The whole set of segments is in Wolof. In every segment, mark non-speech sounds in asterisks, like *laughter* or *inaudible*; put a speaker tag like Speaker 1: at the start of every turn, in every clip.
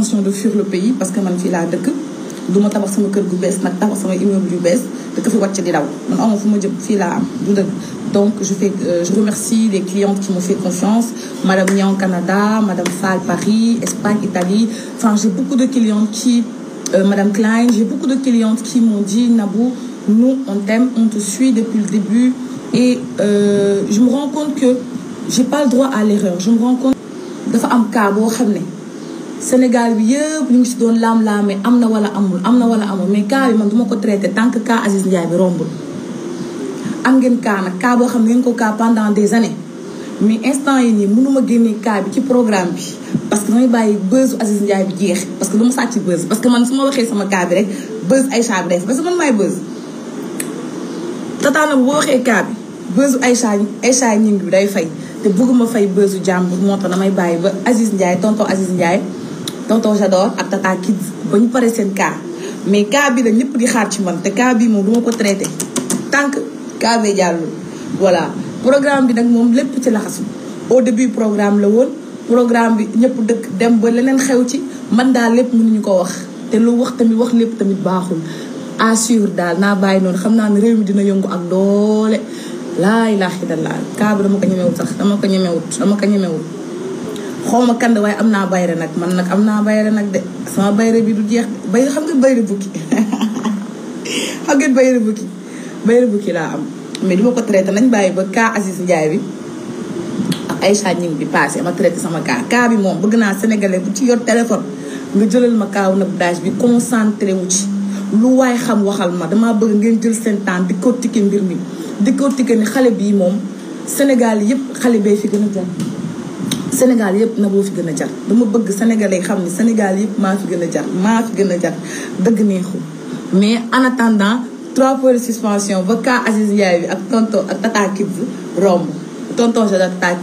Speaker 1: intention de fuir le parce que man fii laa dëkk du ma tabax sama kër gu bees nag tabax sama immeuble yu bees te ko fi wàcc di daw man amoon fu ma jëm fii laa am du dëgg donc je fais euh, je remercie les clientes qui m'ont fait confiance madame Niang Canada madame Fall Paris Espagne Italie enfin j'ai beaucoup de clientes qui euh, beaucoup de clientes qui m'ont dit Nabou nous on t'aime on te suit depuis le début et euh, je me rends compte que j'ai pas le droit à l'erreur je me rends compte dafa am cas boo xam ne Sénégal bi yëpp ñu ngi si doon laam-laamee am na wala amul am na wala amul mais cas bi man duma ko traité tant que cas Aziz Ndiaye bi rombul. am ngeen cas nag cas boo xam ne ngeen ko cas pendant des années mais instant yi nii mënuma génne cas bi ci programme bi parce que damay bàyyi buzz Aziz Ndiaye bi jeex parce que du ma sàcc buzz parce que man su ma waxee sama cas bi rek buzz Aïcha bi day parce que boo waxee cas bi bësu Aïcha Aïcha ñing bi day fay te bëgguma fay bësu jàmbur moo tax damay bàyyi ba Aziz Ndiaye tonton Aziz tonton J'adore ak tata kids ba ñu paree seen cas mais cas bi la ñëpp di xaar ci man te cas bi moom duma ko traité tant que cas bee jàllul voilà programme bi nag moom lépp ci laxasu au début programme la woon programme bi ñëpp dëkk dem ba leneen xew ci man daal lépp mënuñu ko wax te lu wax tamit wax lépp tamit baaxul assure daal naa bàyyi noonu xam naa ne réew mi dina yëngu ak doole laa ilaaha illallaah cas bi dama ko ñemewut sax dama ko ñemewut dama ko ñemewut xaw ma kan de waaye am naa bayre nag man nag am naa bayre nag de sama bayre bi du jeex bay xam nga bayre bukki *laughs* xam ngeen bayre bukki bayre bukki laa am mais du ma ko traité nañ bàyyi ba cas si Ndiaye bi ak Aïcha Ñing bi passé ma traité sama cas kaa bi moom bëgg naa sénégalais bu ci yor téléphone nga jëlal ma kaaw nag daaj bi concentré wu ci lu waaye xam waxal ma damaa bëgg ngeen jël seen temps di ko mbir mi di ko ni xale bii moom Sénégal yëpp xale bay fi gën a jël Sénégal yëpp nag boo fi gën a jar dama bëgg sénégalais xam ni Sénégal yëpp maa fi gën a jar maa fi gën a jar dëgg neexu mais en attendant trois points de suspension ba cas Aziz bi ak tonton ak Tata Kids romb tonton Jada Tata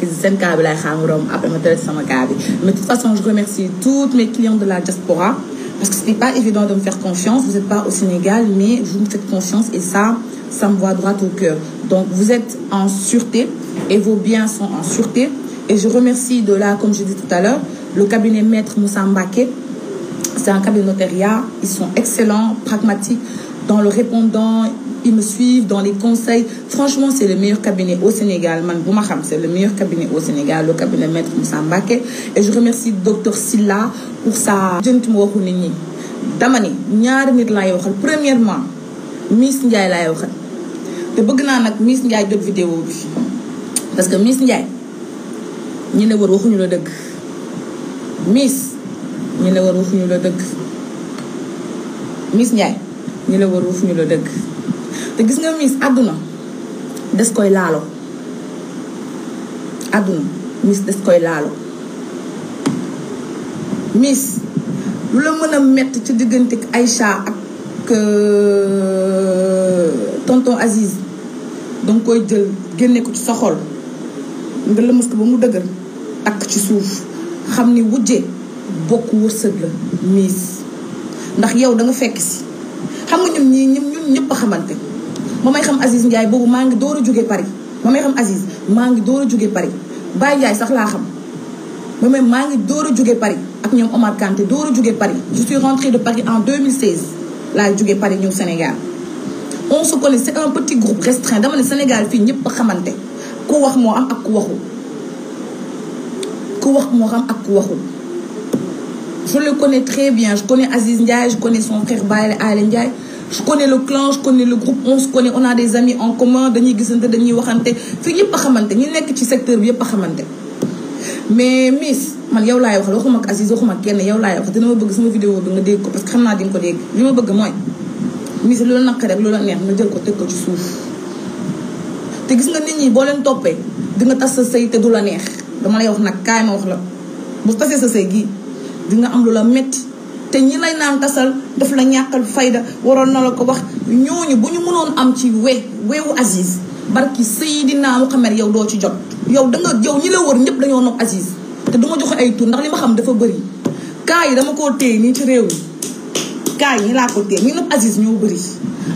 Speaker 1: bi laay xaam romb après ma traité sama cas bi mais de toute façon je remercie toutes mes clients de la diaspora parce que ce n'est pas évident de me faire confiance vous n'êtes pas au Sénégal mais vous me faites confiance et ça ça me va en sûreté et vos Et je remercie de là, comme je dis tout à l'heure, le cabinet Maître Moussa C'est un cabinet notariat. Ils sont excellents, pragmatiques dans le répondant. Ils me suivent dans les conseils. Franchement, c'est le meilleur cabinet au Sénégal. Man c'est le meilleur cabinet au Sénégal, le cabinet Maître Moussa Et je remercie Dr Silla pour sa... dama ni ñaari nit laay waxal premièrement Miss Ndiaye laay waxal te bëgg naa nag Miss ñi la wër waxuñu la dëgg miis ñi la wër waxuñu la dëgg Miss Ndiaye ñi la wër waxuñu la dëgg te gis nga Miss àdduna des koy laalo àdduna Miss des koy laalo miis lu la mën a metti ci diggante ay Aïcha ak euh, tonton Aziz danga koy jël génne ko ci sa xol nga lëmas ko ba mu dëgër takk ci suuf xam ni wujje bokk wërsëg la miis ndax yow da nga fekk si xam nga ñun ñii ñun ñëpp a xamante ma may xam Aziz Ndiaye boobu maa ngi door a jóge Paris ma may xam Aziz maa ngi door a jóge Paris Baye Ndiaye sax laa ma may maa ngi door a jóge Paris ak ñoom Omar Kanté door a jóge Paris je suis rentrée Paris en 2016 laa jóge Paris ñëw Sénégal on se connaît c'est un petit groupe restreint dama ne Sénégal fii ñëpp xamante ku wax moo am ak ku waxul ku wax moo xam ak ku waxul je le connais très bien je connais Aziz Ndiaye je connais son frère Baye Alé Ndiaye je connais le clan je connais le groupe on se connaît on a des amis en commun dañuy gisante dañuy waxante fi yëpp a xamante ñu nekk ci secteur bi yëpp a xamante mais Miss man yow laay waxal waxuma ak Aziz waxuma ak kenn yow laay wax dina ma bëgg suma vidéo bi nga dégg ko parce que xam naa di ko dégg li ma bëgg mooy Miss lu la naqari rek lu la neex jël ko teg ko ci suuf te nit ñi boo leen toppee di nga tas sa sëy la neex dama lay wax nag kaay ma wax la bu tasee sa sëy gi di nga am lu la métti te ñi lay naan tasal daf la ñàkkal fayda waroon na la ko wax ñooñu bu ñu mënoon am ci we weewu Aziz barki Seydina Muhammad yow doo ci jot yow da nga yow ñi la wër ñëpp dañoo nopp Aziz te du ma joxe ay tur ndax li ma xam dafa bëri kaa yi dama koo téye nii ci réew mi kaa yi ñi laa ko téye ñi nopp Aziz ñoo bëri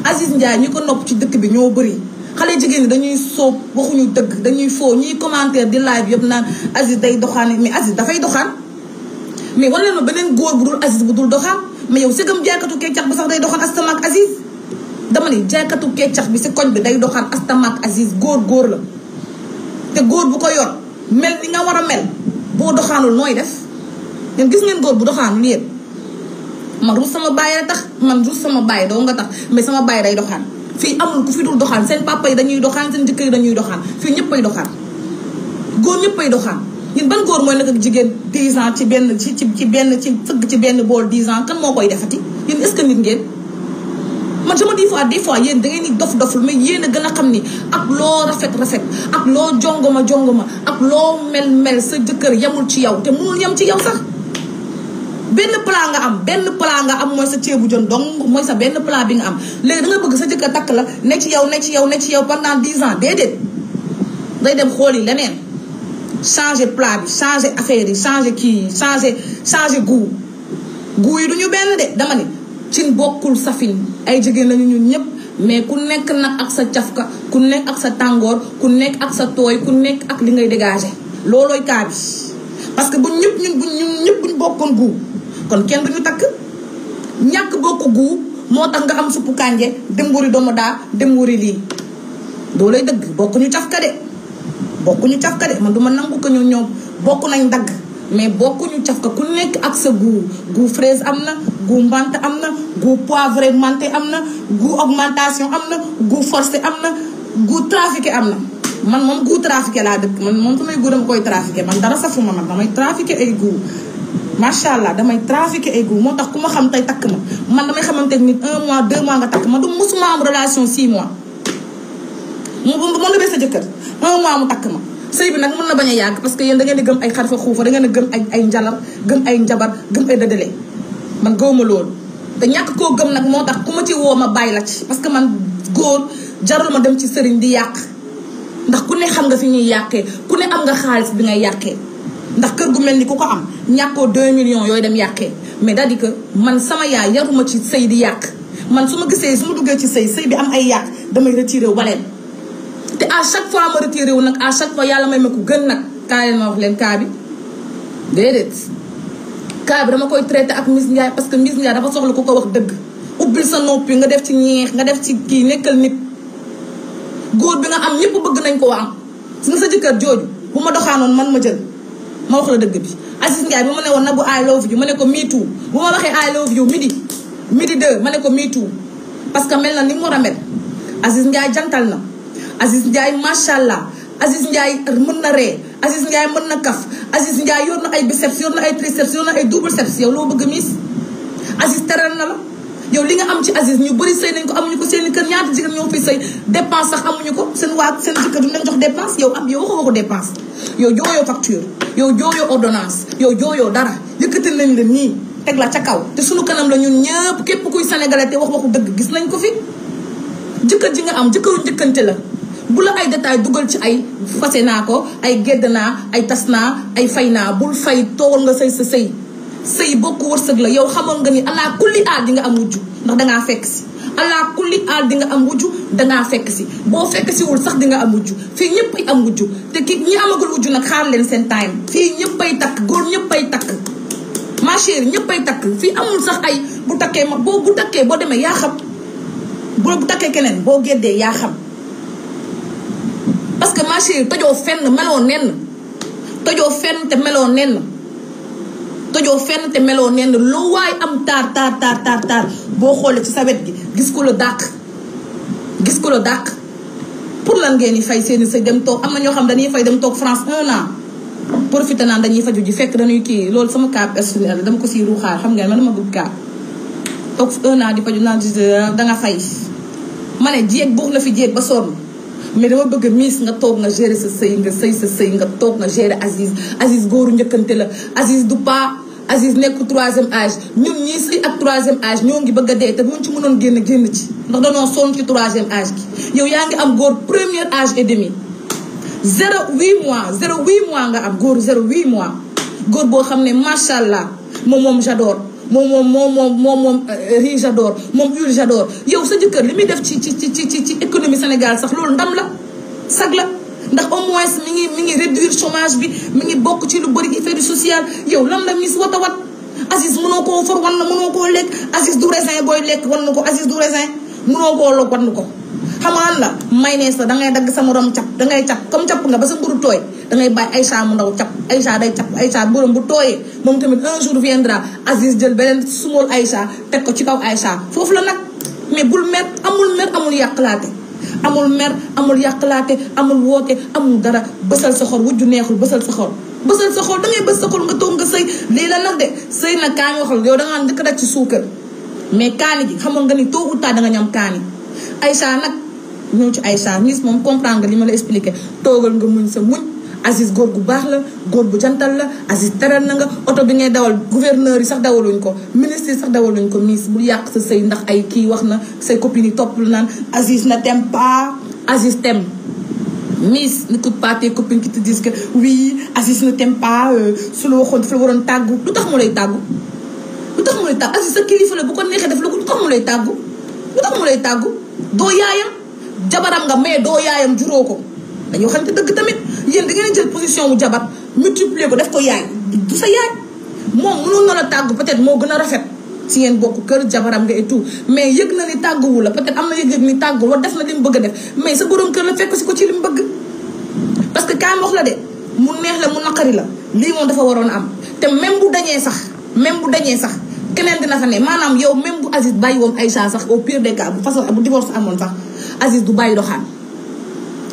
Speaker 1: Aziz Ndiaye ñi ko nopp ci dëkk bi ñoo bëri xale jigéen ñi dañuy soob waxuñu dëgg dañuy foo ñuy commentaire di live yëpp naan Aziz day doxaan mais Aziz dafay doxaan mais wan leen ma beneen góor bu dul Aziz bu dul doxaan mais yow sëgam jaaykatu keccax bi sax day doxaan astama ak Aziz dama ne jaaykatu keccax bi si koñ bi day doxaan astama ak Aziz góor góor la te góor bu ko yor mel ni nga war a mel boo doxaanul nooy def ngeen gis ngeen góor bu doxaanul yéen man rus sama bàyyi la tax man rus sama bàyyi doo nga tax mais sama bàyyi day doxaan fii amul ku fi dul doxaan seen papa yi dañuy doxaan seen jëkkër yi dañuy doxaan fii ñëppay doxaan góor ñëppay doxaan ñun ban góor mooy nag ak jigéen 10 ans ci benn ci ci benn ci fëgg ci benn bool 10 ans kan moo koy defati yéen est-ce que nit ngeen man sama des fois des fois yéen da ngeen di dof doful mais yéen a gën a xam ni ak loo rafet rafet ak loo jongoma jongoma ak loo mel mel sa jëkkër yamul ci yow te mënul yam ci yow sax benn plat nga am benn plat nga am mooy sa ceebu jën don mooy sa benn plat bi nga am léegi da bëgg sa jëkkër takk la ne ci yow ne ci yow ne ci yow pendant dix ans déedéet day dem xool yi leneen changer plat bi changer affaire yi changer kii yi changer changer goût goût yi du ñu benn de dama ni cin bokkul safin ay jigéen lañu ñun ñëpp mais ku nekk nag ak sa cafka ku nekk ak sa tàngoor ku nekk ak sa tooy ku nekk ak li ngay dégager loolooy kaa bi parce que bu ñëpp ñun bu ñun kon kenn du takk ñàkk bokk guu moo tax nga am suppu kànje dem wuri doomu daa dem lii doo lay dëgg bokkuñu ñu cafka de bokk ñu cafka de man du nangu ko ñoom ñoom bokk nañ dagg mais bokkuñu cafka ku nekk ak sa goût goût fraise am na goût menthe am na goût poivré menthe am na goût augmentation am na goût forcé am na goût trafiqué am na man moom goût trafiqué laa dëkk man moom samay goût dama koy trafiqué man dara safuma man damay trafiqué ay goût macha allah damay trafiqué ay góor moo tax ku ma xam tey takk ma man damay xamante nit un mois deux mois nga takk ma du musuma am relation six mois mu mën na sa jëkkër un mois mu takk ma sëy bi nag mën na bañ a yàgg parce que yéen da ngeen di gëm ay xarfa xuufa dangeen ngeen di gëm ay ay njalar gëm ay njabar gëm ay dëdële man gëwuma loolu te ñàkk koo gëm nag moo tax ku ma ci woo ma bàyyi la ci parce que man góor jarul ma dem ci sëriñ di yàq ndax ku ne xam nga fi ñuy yàqee ku ne am nga xaalis bi ngay yàqee ndax kër gu mel ni ku ko am ñàkkoo 2 millions yooy dem yàqee mais daal di man sama yaay yaruma ci sëy di yàq man su ma gisee su ma duggee ci sëy sëy bi am ay yàq damay retiré waleen te à chaque fois ma retiré wu nag à chaque fois yàlla may ma ko gën nag kaa leen leen kaa bi déedéet koy traité ak Miss Ndiaye parce que Miss Ndiaye dafa soxla ku ko wax dëgg ubbil sa noppi nga def ci ñeex nga def ci kii nekkal nit góor bi nga am ñëpp bëgg nañ ko am su nga sa jëkkër jooju bu ma doxaanoon man ma jël ma wax la dëgg bi Aziz Ndiaye ba ma ne woon na bu I love you ma ne ko me too bu ma waxee I love you midi midi deux ma ne ko me too parce que mel na ni mu war a mel Aziz Ndiaye jantal na Aziz Ndiaye macha allah Aziz Ndiaye mën na ree Aziz Ndiaye mën na kaf Aziz Ndiaye yor na ay biceps yor na ay triceps yor na ay double ceps yow loo bëgg miis Aziz teral na la yow li nga am ci Aziz ñu bëri sëy nañ ko amuñu ko seen i kër ñaata jigéen ñoo fi sëy dépense sax amuñu ko seen waa seen jëkkër duñ leen jox dépense yow am yow waxoo ko dépense yow jooyoo facture yow jooyoo ordonnance yow jooyoo dara yëkkatal nañ la nii teg la ca kaw te suñu kanam la ñun ñëpp képp kuy sénégalais te wax waxu dëgg gis nañ ko fi jëkkër ji nga am jëkkëru njëkkante la bu la ay détails dugal ci ay fase naa ko ay gedd naa ay tas naa ay fay naa bul fay toogal nga sëy sa sëy sëy bokk wërsëg la yow xamoon nga ni ala kulli aal di nga ndax dangaa fekk si allah kulli aal di nga am wujju dangaa fekk si boo fekk si sax di nga am wujju fii ñëpp am wujju te ki ñi amagul wujju nag xaar leen seen time fii ñëpp ay takk góor ñëpp ay takk ma chérie ñëpp ay takk fii amul sax ay bu takkee ma boo bu takkee boo demee yaa xam boo bu takkee boo géddee yaa xam parce que ma chérie tojoo fenn meloo nenn tojoo fenn te meloo nenn tojoo fenn te meloo nenn loo waay am taar taar taar taar boo xoolee ci sa gi gis ko la dàq gis ko la dàq pour lan ngeen di fay seeni sëy dem toog am na ñoo xam dañuy fay dem toog France un an profité dañuy faju ji fekk dañuy kii loolu sama cas personnel dama ko si ruuxaar xam nga man dama bëgg cas toog un an di faju naan danga fay ma ne jéeg buux la fi jéeg ba sonn mais dama bëgg miis nga toog nga gérer sa sëy nga sëy sa sëy nga toog nga gérer Aziz Aziz góoru njëkkante la Aziz du pas Aziz nekk troisième âge ñun ñii si ak troisième age ñoo ngi bëgg a dee te muñ ci mënoon génn génn ci ndax danoo sonn ci troisième âge gi yow yaa ngi am góor première âge et demi zéro huit mois zéro huit mois nga am góor zéro huit mois góor boo xam ne macha allah moom moom j'adore moom moom moom moom moom moom euh, riz moom huile j'adore yow sa jëkkër li muy def ci ci ci ci ci économie Sénégal sax loolu ndam la sag la ndax au moins mi ngi mi ngi réduire chômage bi mi ngi bokk ci lu bëri effet du social yow lan la mis wat a wat Aziz mënoo koo for wan na mënoo koo lekk Aziz du raisin booy lekk wan na ko Aziz du raisin mënoo koo lekk wan na ko xamaan la mayonnaise la da ngay dagg sama morom cap da ngay cap comme cap nga ba sa mburu tooy da ngay bàyyi Aïcha mu ndaw cap Aïcha day cap Aïcha borom bu tooyee moom tamit un jour viendra Aziz jël beneen sumool Aïcha teg ko ci kaw Aïcha foofu la nag mais bul met amul met amul yàqlaate amul mer amul yàqalaate amul woote amul dara bësal sa xol wujju neexul bësal sa xol bësal sa xol da ngay bës sa xol nga toog nga sëy lii la nag de sëy na kaani waxal yow da ngaa njëkk rek ci suukar mais kaani gi xamoon nga ni toogu taa da nga ñam kaani Aïcha nag ñëw ci Aïcha ngis moom comprendre nga li ma la expliqué toogal nga muñ sa muñ Aziz góor bu baax la góor bu jantal la Aziz teral na nga oto bi ngay dawal gouverneur yi sax dawaluñ ko ministre yi sax dawaluñ ko miis bu yàq sa sëy ndax ay kii wax na say copines yi topp lu naan Aziz na tem pas Aziz tem miis n'écoute pas tes copines qui te disent que oui Aziz euh, su la waxoon dafa la waroon tàggu lu tax mu lay tàggu lu tax mu lay tàggu Aziz sa kilifa la bu ko neexee def la ko lu tax mu lay tàggu lu tax tàggu doo yaayam jabaram nga mais doo yaayam juróo ko xam waxante dëgg tamit yéen da ngeen jël position wu jabar multiplier ko def ko yaay du sa yaay moom mënoon na la tàggu peut-être moo gën a rafet si ngeen bokk kër jabaram nga et tout mais yëg na ni tàgguwu la peut-être am na yëg-yëg ni tàggu wa def na li bëgg a def mais sa borom kër la fekk si ko ci li mu bëgg parce que kaay la de mu neex la mu naqari la lii moom dafa waroon am te même bu dañee sax même bu dañee sax keneen dina fa ne maanaam yow même bu Aziz bàyyi woon Aïcha sax au pire des cas bu façon bu divorce amoon sax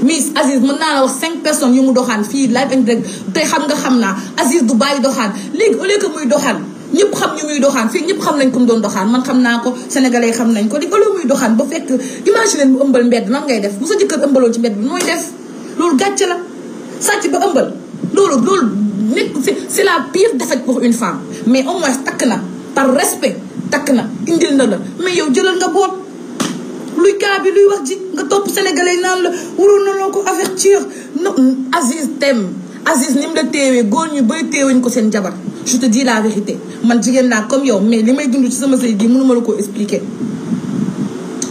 Speaker 1: Miss Aziz mën naa la wax cinq personnes yu mu doxaan fii live and direct tey xam nga xam naa Aziz du bàyyi doxaan léegi au lieu que muy doxaan ñëpp xam ñu muy doxaan fii ñëpp xam nañ ko mu doon doxaan man xam naa ko sénégalais xam nañ ko léegi au lieu muy doxaan ba fekk imagine leen mu ëmbal mbedd nan ngay def bu sa jëkkër ëmbaloon ci mbedd bi mooy def loolu gàcce la sàcc ba ëmbal loolu loolu nekk c'est la pire défaite pour une femme mais au moins takk na par respect takk na indil na la mais yow jëlal nga boot luy kaa bi luy wax ji nga topp sénégalais yi naan la waroon na loo ko avertir non Aziz tem Aziz ni mu la teewee góor ñu bay teewuñ ko seen jabar je te dis la vérité man jigéen naa comme yow mais li may dund ci sama sëy gi mënuma la ko expliquer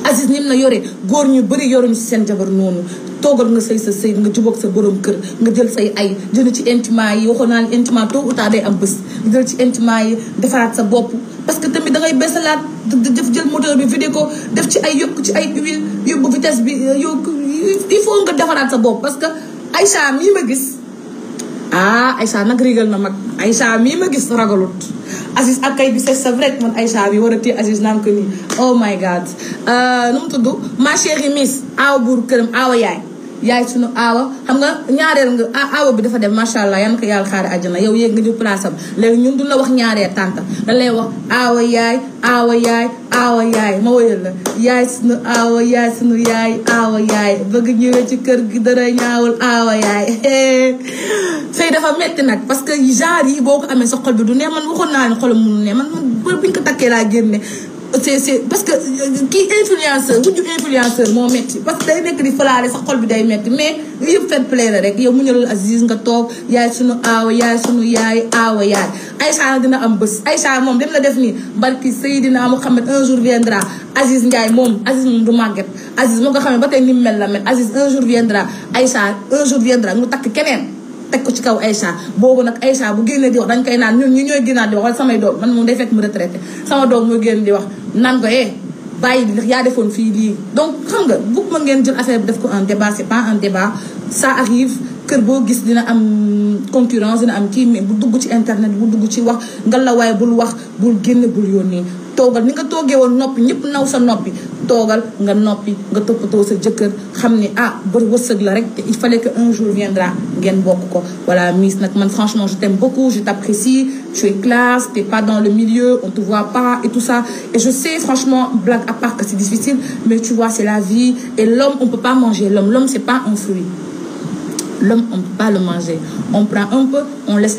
Speaker 1: Aziz ni mu la yoree góor ñu bëri yoruñ ci seen jabar noonu toogal nga say sa sëy nga jubóog sa borom kër nga jël say ay jël ci intimat yi waxoon naa ne intimat toog ou day am bés jël ci intimat yi defaraat sa bopp parce que tamit da ngay beesalaat def jël moteur bi vidé ko def ci ay yokk ci ay huile yóbbu vitesse bi euh, yokk il faut nga defaraat sa bopp parce que Aïcha mii ma gis ah Aïcha nag régal na mag Aïcha mii ma gis ragalut Aziz ak kay bi c'est vrai man Aïcha bi war a téye Aziz naan ko nii oh my god euh, nu mu tudd ma chérie miss aaw buur këram aawa yaay yaay sunu aawa xam nga ñaareel nga aawa bi dafa dem macha allah yan ko yàlla xaari àjjana yow yéeg nga ñu place am léegi ñun duñ la wax ñaareel tànta dañ lay wax aawa yaay aawa yaay aawa yaay ma woyal la yaay sunu aawa yaay sunu yaay aawa yaay bëgg ñëwee ci kër gi dara ñaawul aawa yaay *laughs* sëy dafa metti nag parce que genre yi boo ko amee sa xol bi du ne man waxoon naa ne xolam mënu ne man man biñ ko takkee laa génne c'est c'est parce que euh, kii influenceur mujj influenceur moo metti parce que day nekk di falaale sa xol bi day metti mais yëpp fair play la rek yow mu ñëlul Aziz nga toog yaay sunu aawa yaay sunu yaay aawa yaay Aïcha dina am bés Aïcha moom dem la def nii barki Seydina Mouhamed un jour viendra Aziz Ndiaye moom Aziz moom du màgget Aziz moo nga xam ne ba tey ni mel la mel Aziz un jour viendra Aïcha un jour viendra mu takk keneen teg ko ci kaw Aïcha boobu nag Aïcha bu génnee di wax dañ koy naan ñun ñu ñooy génnaat di wax wala samay doom man moom day fekk mu retraité sama doom mooy génn di wax nan ko eh bàyyi li yaa defoon fii lii donc xam nga bëgg ma ngeen jël affaire bi def ko un débat c'est pas un débat ça arrive kër boo gis dina am concurrence dina am kii mais bu dugg ci internet bu dugg ci wax la waaye bul wax bul génn bul nii toogal ni nga toogee woon noppi ñëpp naw sa noppi toogal nga noppi nga toppatoo sa jëkkër xam ne ah bër wërsëg la rek il fallait que un jour viendra ngeen bokk ko voilà Miss nag man franchement je t'aime beaucoup je t'apprécie tu es classe t'es pas dans le milieu on te voit pas et tout ça et je sais franchement blague à part que c'est difficile mais tu vois c'est la vie et l'homme on peut pas manger l'homme c'est pas un fruit l'homme on peut pas le manger on prend un peu on laisse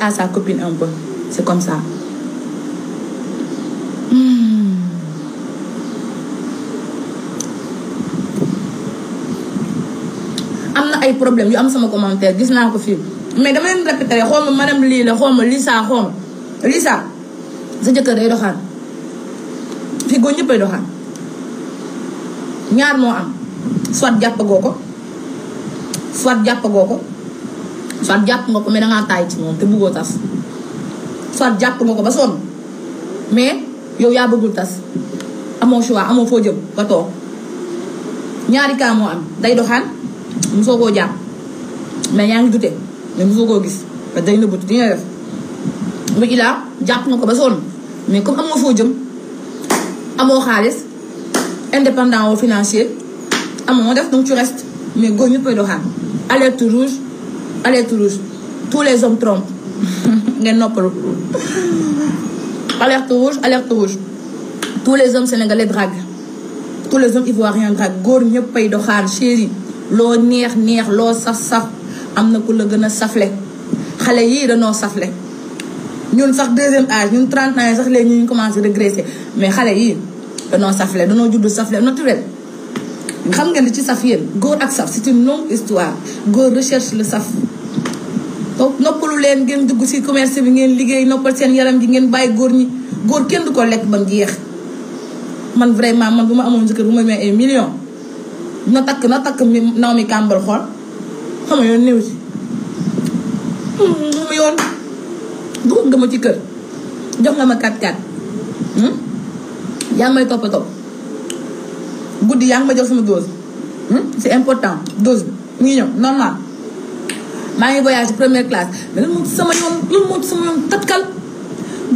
Speaker 1: ay problème yu am sama commentaire gis naa ko fii mais dama leen répété xaw ma madame lii la xaw ma Lisa xaw ma Lisa sa jëkkër day doxaan fii góor ñëppay doxaan ñaar moo am soit jàppagoo ko ko soit jàpp nga ko mais dangaa moom te bëggoo tas soit jàpp nga ko ba sonn mais yow yaa bëggul tas amoo choix amoo foo jëm ba toog ñaari cas moo am day doxaan mosoo koo jàpp mais yaa ngi dute mais mosoo koo gis dañ que day nëbbatu di nga def bu ci laa jàpp nga ko ba sonn mais comme amoo foo jëm amoo xaalis indépendant au financier amoo def donc tu restes mais góor ñëppay doxaan alerte rouge alerte rouge tous les hommes trompent *laughs* ngeen noppalu alerte rouge alerte rouge tous les hommes sénégalais draguent tous les hommes ivoiriens draguent góor ñëppay doxaan chéri loo neex neex loo saf-saf am na ko la gën a safle xale yii danoo safle ñun sax deuxième âge ñun 30 ans yi sax léegi ñu commencé regresser mais xale yii danoo safle danoo judd safle naturel xam nga li ci saf yéen góor ak saf c'est une longue histoire góor recherche le saf donc noppalu leen ngeen dugg ci commerce bi ngeen liggéey noppal seen yaram gi ngeen bàyyi góor ñi góor kenn du ko lekk ba mu jeex man vraiment man bu ma amoon jëkkër bu ma may ay millions na takk na takk mi naw mi kàmbal xool xam nga yoon néew si mu hmm, yoon dugub nga ma ci kër jox nga ma kat-kat hmm? yaa may topp topp guddi yaa ngi ma jox sama gos hmm? c'est important dose bi mu ngi ñëw normal maa ngi voyage première classe mais lan sama yoon lan moo ci sama yoon tatkal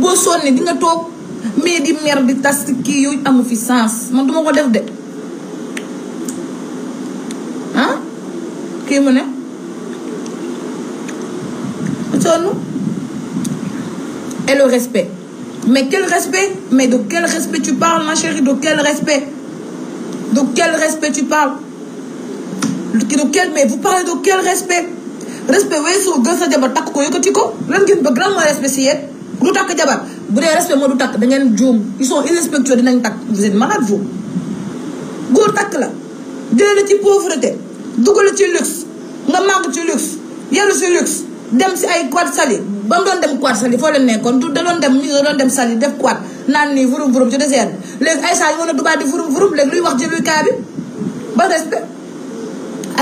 Speaker 1: boo sonni di nga toog mais di mer di tas kii yooyu amu fi sens man duma ko def de kii mu ne sonn et le respect mais quel respect mais de quel respect tu parles ma chérie de quel respect de quel respect tu parles de quel mais vous parlez de quel respect respect weesu gën sa jabar takk ko yëkkati ko lan ngeen bëgg lan mooy respect si yéen du takk jabar bu dee respect moo du takk da ngeen juum ils sont irrespectueux dinañ takk vous êtes malade vous góor takk la jëlee la ci pauvreté dugal ci luxe nga màgg ci luxe yaru si luxe dem si ay quad sali ba mu doon dem quad sali foo leen nekkoon du da doon dem ñu da doon dem sali def quad naan nii vurum vurum ci désert bi léegi ay saa yi mën a Dubaï di vurum vurum léegi luy wax jëluy kaa bi ba respect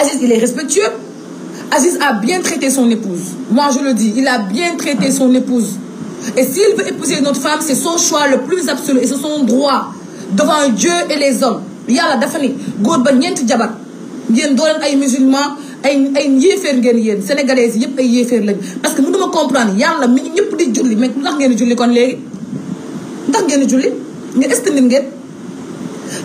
Speaker 1: Aziz il est respectueux Aziz a bien traité son épouse moi je le dis il a bien traité son épouse et s'il veut épouser une femme c'est son choix le plus absolu et son droit devant Dieu et les hommes yàlla dafa ni ba ñeenti jabar yéen doo ay musulman ay ay yéeféer ngeen yéen sénégalais yëpp ay yéeféer lañ parce que mënuma comprendre yàlla mi ñu ñëpp di julli mais ndax ngeen julli kon léegi ndax ngeen julli nga estimé ngeen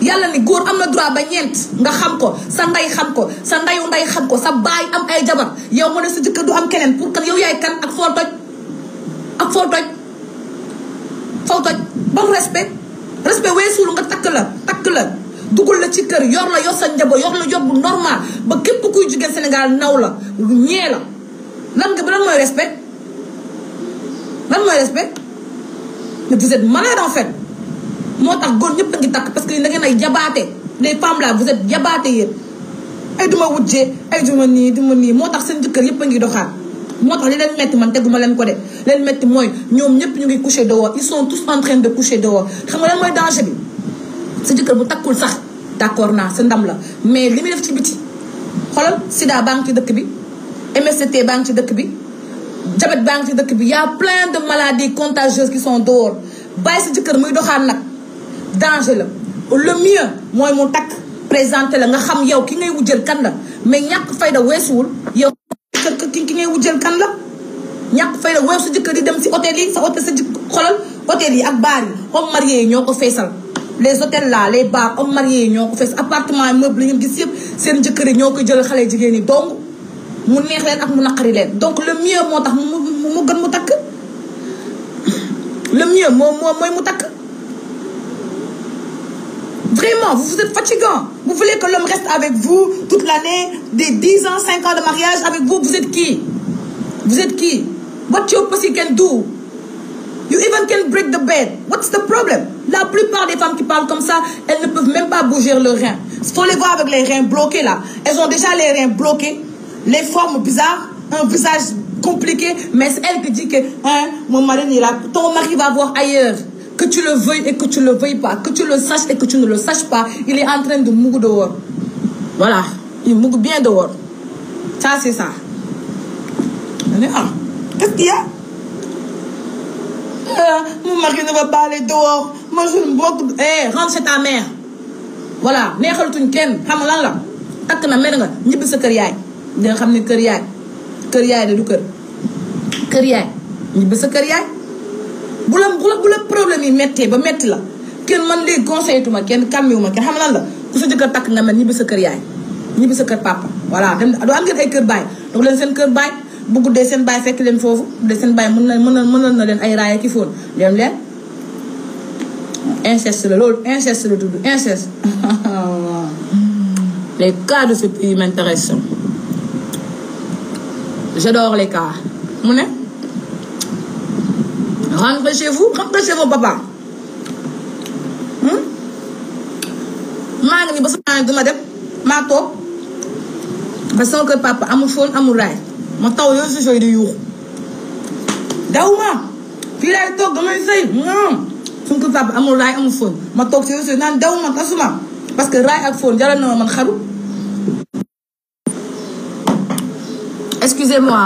Speaker 1: yàlla ni góor am na droit ba ñeent nga xam ko sa nday xam ko sa ndayu nday xam ko sa baay am ay jabar yow ma ne sa jëkkër du am keneen pour kan yow yaay kan ak foo toj ak foo toj foo toj ban respect respect weesuul nga takk la takk la dugul la ci kër yor la yor sa njaboot yor la yor bu normal ba képp kuy jugee Sénégal naw la ñee la lan nga lan mooy respect lan mooy respect mais vous êtes malade en fait moo tax góor ñëpp a ngi takk parce que da ngeen jabaate les femmes là vous jabaate yéen ay duma wujjee ay duma nii duma nii moo tax seen jëkkër yëpp a ngi doxaan moo tax li leen metti man teguma leen ko de leen metti mooy ñoom ñëpp ñu ngi coucher dehors ils sont tous en train de coucher bi sa jëkkër bu takkul sax d'accord naa sa ndam la mais li muy def ci biti xolal sida baa ngi ci dëkk bi MST baa ngi ci dëkk bi jabet baa ngi ci dëkk bi y a plein de maladies contagieuses qui sont dehors bàyyi sa jëkkër muy doxaan nag danger la le mieux mooy mu takk présenté la nga xam yow ki ngay wujjal kan la mais ñàkk fayda weesuwul yow ki ki ngay wujjal kan la ñàkk fayda weesu sa jëkkër yi dem si hôtel yi sa hôtel sa jëkk xolal hôtel yi ak baar yi homme marié yi ñoo ko feesal les hôtels là les bars hommes mariés ñoo ko fees appartement meuble yi ñu gis yëpp seen jëkkër yi ñoo ko jël xale jigéen ñi donc mu neex leen ak mu naqari leen donc le mieux moo tax mu mu gën mu takk le mieux moo moo mooy mu takk vraiment vous êtes fatigant vous voulez que l'homme reste avec vous toute l'année des dix ans cinq ans de mariage avec vous vous êtes qui vous êtes qui what your pussy can do you even can break the bed what's the problem La plupart des femmes qui parlent comme ça, elles ne peuvent même pas bouger le rein. faut les voir avec les reins bloqués là. Elles ont déjà les reins bloqués, les formes bizarres, un visage compliqué, mais c'est elle qui dit que hein, mon mari est Ton mari va voir ailleurs. Que tu le veuilles et que tu le veuilles pas. Que tu le saches et que tu ne le saches pas. Il est en train de mourir dehors. Voilà. Il mouille bien dehors. Ça, c'est ça. Euh, mon mari ne veut pas aller dehors ma suñu mbokk. eh rentre chez ta voilà neexalatuñ kenn xam lan la takk na mer nga ñibbi sa kër yaay di nga xam ne kër yaay kër yaay de du kër kër yaay ñibbi sa kër yaay bu la bu la bu la problème yi méttee ba métti la kenn man léegi conseillé kenn calmé wu ma xam lan la ku sa takk nga mel ñibbi sa kër yaay ñibbi sa kër papa voilà dem kër baay kër baay. bu dee seen baay fekk leen foofu de seen baay mën na mën na leen ay raaya ki fóon dem leen inceste la loolu inceste la tudd inceste *laughs* les cas de ce pays m'intéressent j'adore les cas mu ne rentrez chez vous rentrez chez vos papas hmm? maa ngi ni ba sama duma dem maa toog parce que papa amul fóon amul raay ma taw yooyu sociaux di yuuxu daw ma fii laay toog damay sëy suñ ko sàpp amul raay amul fóon ma toog si réseaux naan daw ma tasuma parce que raay ak fóon jaral na man xaru excusez-moi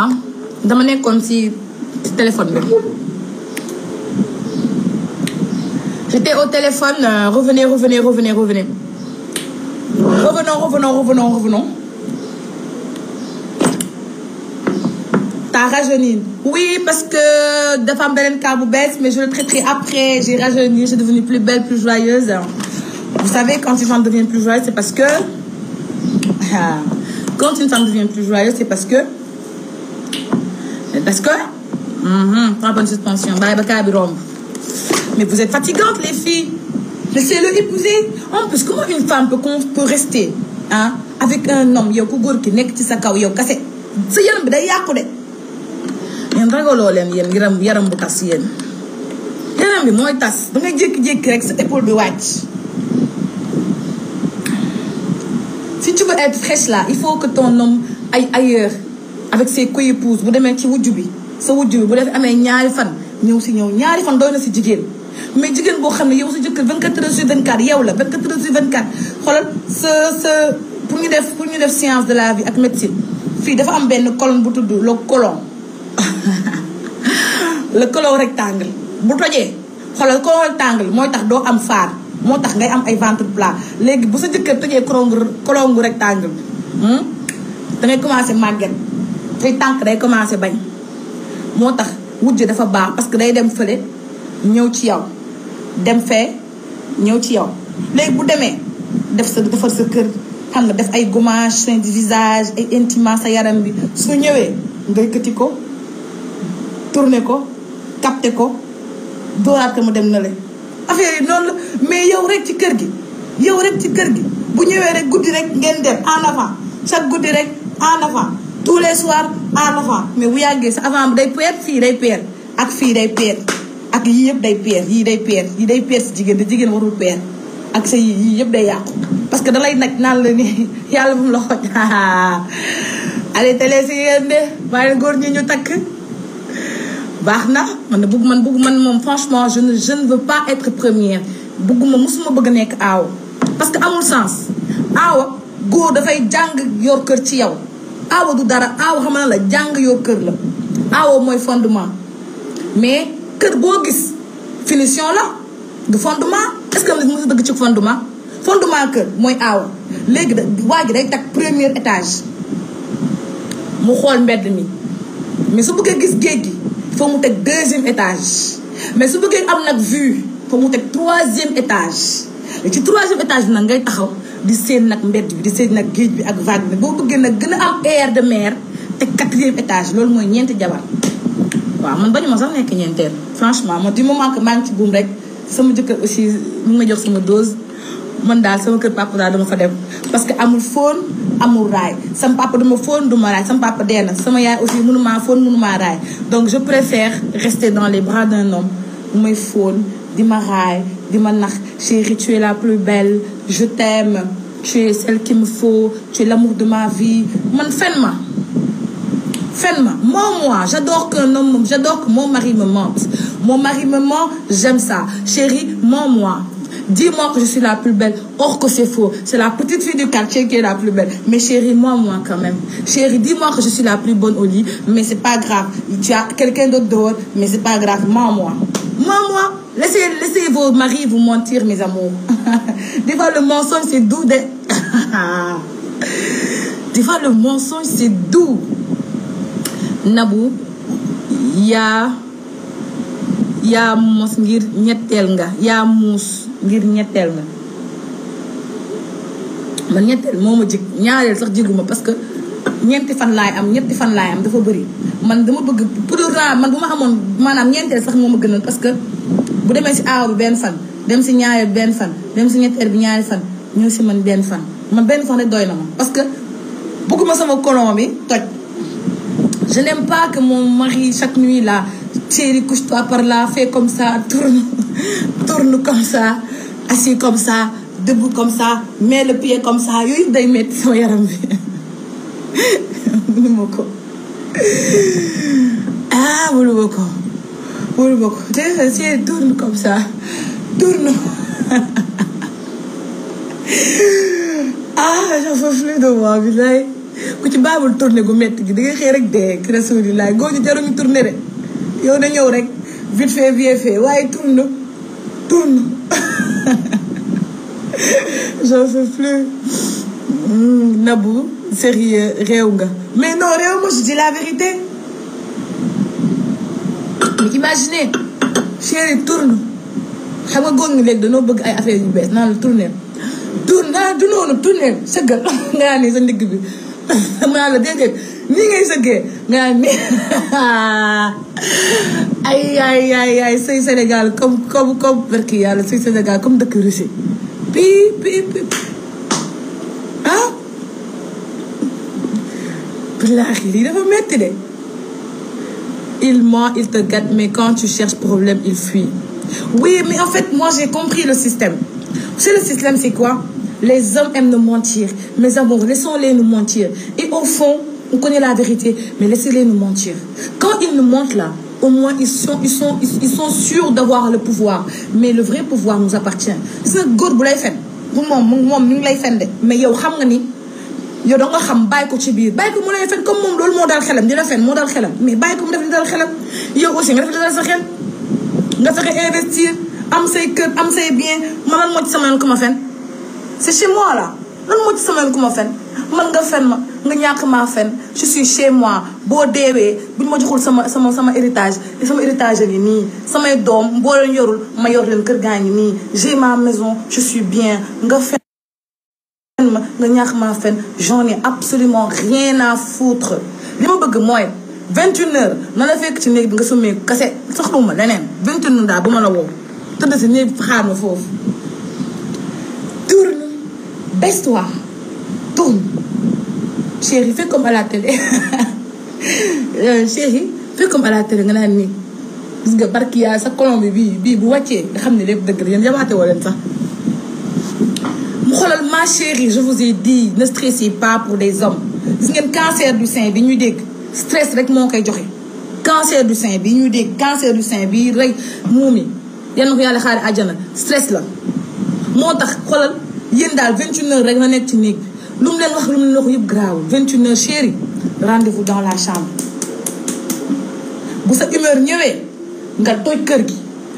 Speaker 1: dama nekkoon si téléphone bi j'étais au téléphone euh, revenez revenez revenez revenez revenons revenons revenons revenons rajeunir oui parce que dafa am beneen cas bu bees mais je le traiterai après j'ai rajeuni je suis plus belle plus joyeuse vous savez quand une femme devient plus joyeuse c'est parce que *laughs* quand une femme devient plus joyeuse c'est parce que parce que mm-hmm, pas bonne suspension bàyyi ba cas mais vous êtes fatigantes les filles laissez-le épouser en plus comment une femme peut rester avec un homme yow ku góor ki nekk ci sa kaw yow kase sa yaram bi yéen ragaloo leen yéen yaram yaram bu tas yéen yaram bi mooy tas da ngay jékki-jékki rek sa épaule bi wàcc. si tu veux être fraîche là il faut que ton homme aille ailleurs avec ses co-épouses bu demee ci wujju bi sa wujju bi bu def amee ñaari fan ñëw si ñëw ñaari fan doy na si jigéen mais jigéen boo xam ne yow sa jëkkër 24 heures sur 24 yow la 24 heures sur 24 xoolal sa sa pour ñu def pour ñu def science de la vie ak médecine fii dafa am benn colonne bu tudd le *laughs* lëkkaloo rectangle bu tojee xoolal ko rectangle mooy tax doo am faar moo tax ngay am ay ventre plat léegi bu sa jëkkër tojee kolongu kolongu rectangle hmm? da ngay commencé màgget ay tànk day commencé bañ moo tax wujj dafa baax parce que day dem fële ñëw ci yow dem fee ñëw ci yow léegi bu demee def sa defar sa kër xam nga def ay gommage sein visage ay intimement sa yaram bi su ñëwee nga yëkkati ko tourné ko capté ko mu dem na le affaire yi noonu mais yow rek ci kër gi yow ci kër gi bu ñëwee rek guddi rek ngeen dem en avant chaque guddi rek en avant tous les soirs en avant mais bu yàggee sa avant day peer fii day peer ak fii day peer ak yii yëpp day peer yii day peer yii day peer si jigéen te jigéen warul peer ak sa yii yii day yàqu parce que dalay nag naan la ni *laughs* yàlla bu la xooj allez télé si yéen de bàyyi góor ñi ñu takk baax na man bëgg man bëgg man moom franchement je ne je veux pas être première bëgguma mosuma bëgg a nekk aaw parce que amul sens aawa góor dafay jàng yor kër ci yow aawa du dara aawa xam na la jàng yor kër la aawa mooy fondement mais kër boo gis finition la du fondement est que mos dëgg ci kër mooy aawa léegi da waa ji étage mu xool mbedd mi mais su bëggee gis géej gi foo mu teg deuxième étage mais su bëggee am nag vue foo mu teg troisième étage ci troisième étage nag ngay taxaw di séen nag mbedd bi di seen nag géej bi ak vague bi boo bëggee nag gën a am air de mer teg quatrième étage loolu mooy ñeenti jabar waaw man bañu ma sax nekk ñeenteel franchement man du moment que maa ngi ci buum rek sama jëkkër aussi mun ngi jox sama dose man daal sama kër papa daal dama fa dem parce que amul phone amul raay sama papa duma foon duma raay sama papa dee na sama yaay aussi mënuma foon mënuma raay donc je préfère rester dans les bras d'un homme bu may foon di ma raay di ma nax chérie tu es la plus belle je t'aime tu es celle qu'il me faut tu es l'amour de ma vie man fen ma fen ma ment j'adore qu'un homme j'adore que mari me mente mon j'aime ça chérie ment Dis-moi que je suis la plus belle. Or que c'est faux. la petite fille du quartier qui est la plus belle. Mais chérie, moi, moi quand même. Chérie, dis-moi je suis la plus bonne au lit. Mais c'est pas Tu as quelqu'un d'autre dehors. Mais c'est pas grave. Moi, moi. Moi, Laissez, laissez vos maris vous mentir, mes amours. *laughs* Des le mensonge, c'est doux. De... Des *laughs* le mensonge, c'est doux. Nabou, yaa yaa mos ngir ñetteel nga yaa muus. ngir ñetteel ma man ñetteel moo ma jig ñaareel sax jiguma parce que ñeenti fan laay am ñetti fan laay am dafa bëri man dama bëgg programme man bu ma amoon maanaam ñeenteel sax moom a gënal parce que bu demee si aaw bi benn fan dem si ñaareel benn fan dem si ñetteel bi ñaari fan ñëw si man benn fan man benn fan rek doy na ma parce que bëgguma sama colon bi toj je n'aime pas que mon mari chaque nuit là chérie couche-toi par là fais comme ça tourne *laughs* tourne assis comme ça debout comme ça mais le pied comme ça yooyu day metti sama yaram bi mënuma *laughs* ko ah mënuma ko mënuma ko te si tourne comme ça tourne *laughs* ah j'en peux de moi bi lay ku ci baabul tourné gu metti gi di nga xëy rek dee création di laay góor ñi jaruñu tourné de yow na ñëw rek vite fait bien fait waaye tourne tourne *laughs* *laughs* j'en peux plus. Mmh, Nabou euh, réew nga. mais non réew ma je dis la vérité. imaginez. chérie tourne. xam nga góor ñi léegi dañoo bëgg ay affaire yu bees naan la tourner. tourne ah du noonu tourner sëggal *laughs* nga ne sa ndigg bi. *coughs* mu naan la déedéet nii ngay sëggee nga ni *laughs* ay ay ay ay comme comme comme barki yàlla say Sénégal comme dëkk Russie pii pii pii ah bilaahi lii dafa metti de il ment il te gâte mais quand tu cherches problème il fuit oui mais en fait moi j'ai compris le système c'est le système c'est quoi Les hommes aiment nous mentir. Mes amours, laissons-les nous mentir. Et au fond, on connaît la vérité, mais laissez-les nous mentir. Quand ils nous mentent là, au moins ils sont, ils sont, ils sont sûrs d'avoir le pouvoir. Mais le vrai pouvoir nous appartient. gis nga góor bu lay fen bu moom moom mi ngi lay fen de mais yow xam nga ni yow da nga xam bàyyi ko ci biir bàyyi ko mu lay fen comme moom loolu moo daal xelam dina fen moo daal xelam mais bàyyi ko mu def di daal xelam yow aussi nga def di sa xel c'est chez moi là lan moo ci sama yoon ku ma fen man nga fen ma nga ñàkk maa fen je suis chez moi boo deewee bu ñu ma joxul sama sama sama héritage sama héritage a ngi nii samay doom boo yorul ma yor leen kër gaa ngi nii j'ai ma maison je suis bien nga fen ma nga ñàkk maa fen j'en ai absolument rien à foutre li ma bëgg mooy 21 heures na la fekk ci néeg bi nga summee kase soxluma leneen 21 heures daal bu ma la woo tëdd si néeg xaar ma foofu Baisse-toi. Tourne. Chérie, fais comme à la fekk *laughs* euh, chérie, comme à nga naan nii. gis nga barki yaa sa colon bi bii bu wàccee nga xam ne lépp dëgg la yéen yabaate woo sax. mu xoolal ma chérie je di ai dit ne stressez pas pour des hommes. gis ngeen cancer du bi ñuy dégg stress rek moo koy joxe. cancer du sein bi ñuy dégg cancer du sein bi rey muumi yal na ko yàlla xaari àjjana stress la moo tax xoolal. yéen daal 21h rek na nekk ci néeg bi lu mu leen wax lu mu leen wax yëpp garaawul 21h rendez-vous dans la chambre bu sa humeur ñëwee nga toj kër gi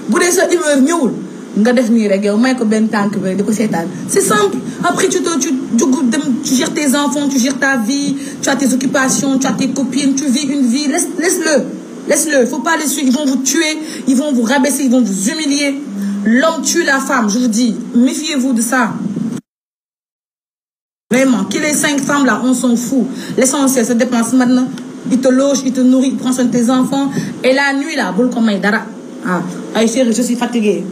Speaker 1: bu dee sa humeur ñëwul nga def nii rek yow may ko benn tànk bi di ko seetaan c'est simple après tu te tu jug dem tu gères tes enfants tu gères ta vie tu as tes occupations tu as tes copines tu vis une vie laisse laisse-le laisse-le faut pas les suivre ils vont vous tuer ils vont vous rabaisser ils vont vous la femme je vous dis Vraiment, qu'il ait 5 femmes là, on s'en fout. L'essentiel, se dépense maintenant. Il te loge, il te nourrit, il prend soin de tes enfants. Et la nuit là, boule comme dara. Ah, chérie, je suis fatiguée.